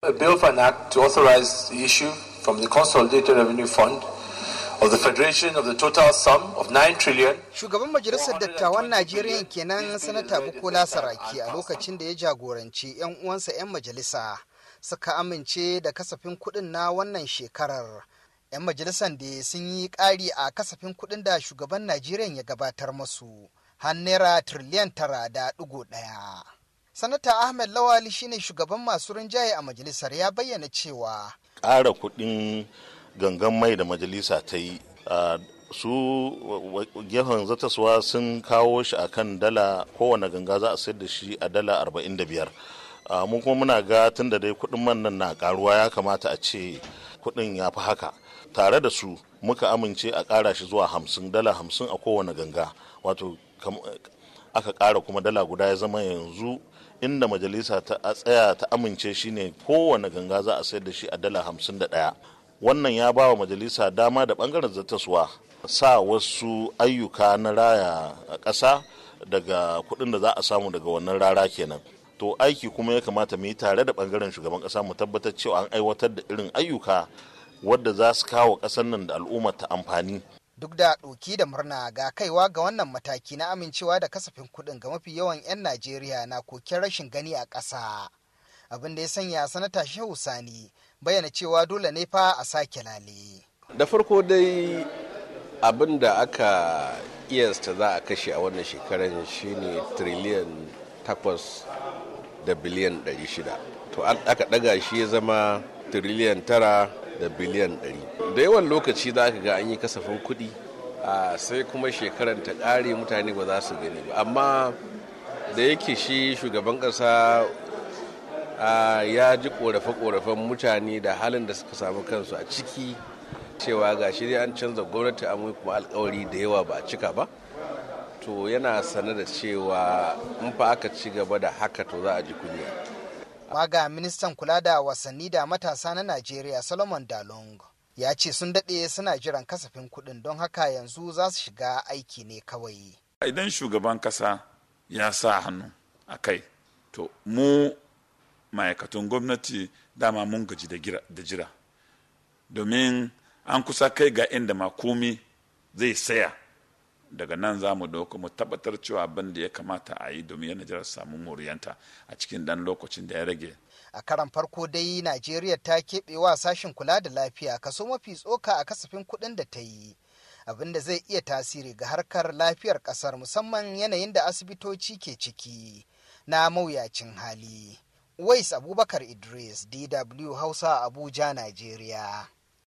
A bill for an act to authorize the issue from the Consolidated Revenue Fund of the Federation of the total sum of 9 trillion. Shugaban Majalisar Dattawan Najeriya kenan Sanata Bukola Saraki a lokacin da ya jagoranci 'yan uwansa 'yan majalisa suka amince da kasafin kuɗin na wannan shekarar. 'Yan majalisar da sun yi ƙari a kasafin kuɗin da shugaban Najeriya ya gabatar masu har naira triliyan tara da ɗigo ɗaya. sanata ahmed lawali shine shugaban masu rinjaye a majalisar ya bayyana cewa ƙara kuɗin gangan mai da majalisa ta yi su gefen suwa sun kawo shi a kan dala kowane ganga za a sayar da shi a dala 45 mun kuma muna ga tun da dai kuɗin man nan na karuwa ya kamata a ce kuɗin ya fi haka tare da su muka amince a ƙara shi zuwa hamsin dala hamsin a kowane ganga wato aka ƙara kuma dala guda ya zama yanzu inda majalisa ta tsaya ta amince shi ne kowane ganga za a sayar da shi a dala hamsin da ɗaya wannan ya ba wa majalisa dama da ɓangaren zattaswa sa wasu ayyuka na raya a ƙasa daga kuɗin da za a samu daga wannan rara kenan to aiki kuma ya kamata mu yi tare da ɓangaren shugaban ƙasa mu tabbatar cewa an aiwatar da irin ayyuka wadda za su kawo ƙasar nan da al'umma ta amfani duk da ɗoki da murna ga kaiwa ga wannan mataki na amincewa da kasafin kuɗin ga mafi yawan 'yan najeriya na koken rashin gani a ƙasa abin da ya sanya sanata shehu sani bayyana cewa dole ne fa a sake lale da farko dai abin da aka iyasta za a kashe a wannan shekaran shine triliyan takwas da biliyan 600 to aka ɗaga shi ya zama triliyan tara da biliyan 100 da yawan lokaci za ka ga an yi kasafin kuɗi sai kuma shekaran ta ƙare mutane ba za su gani ba amma da yake shi shugaban ƙasa ya ji ƙorafe-ƙorafen mutane da halin da suka samu kansu a ciki cewa ga shi an canza gwamnati amma kuma alkawari da yawa ba a cika ba to yana sane da cewa in fa aka ci gaba da haka to za a ji kunya maga ministan kula da wasanni da matasa na najeriya solomon dalong ya ce sun daɗe suna jiran kasafin kuɗin don haka yanzu za su shiga aiki ne kawai idan shugaban ƙasa ya sa hannu a kai to mu ma'aikatan gwamnati dama mun gaji da jira domin an kusa kai ga inda makomi zai saya daga nan za mu doka mu tabbatar cewa abin da ya kamata a yi domin yana jirar samu moriyanta a cikin dan lokacin da ya rage a karan farko dai najeriya ta keɓe wa sashen kula da lafiya kaso mafi tsoka a kasafin kuɗin da ta yi abin da zai iya tasiri ga harkar lafiyar ƙasar musamman yanayin da asibitoci ke ciki na mawuyacin hali wais abubakar idris dw hausa abuja najeriya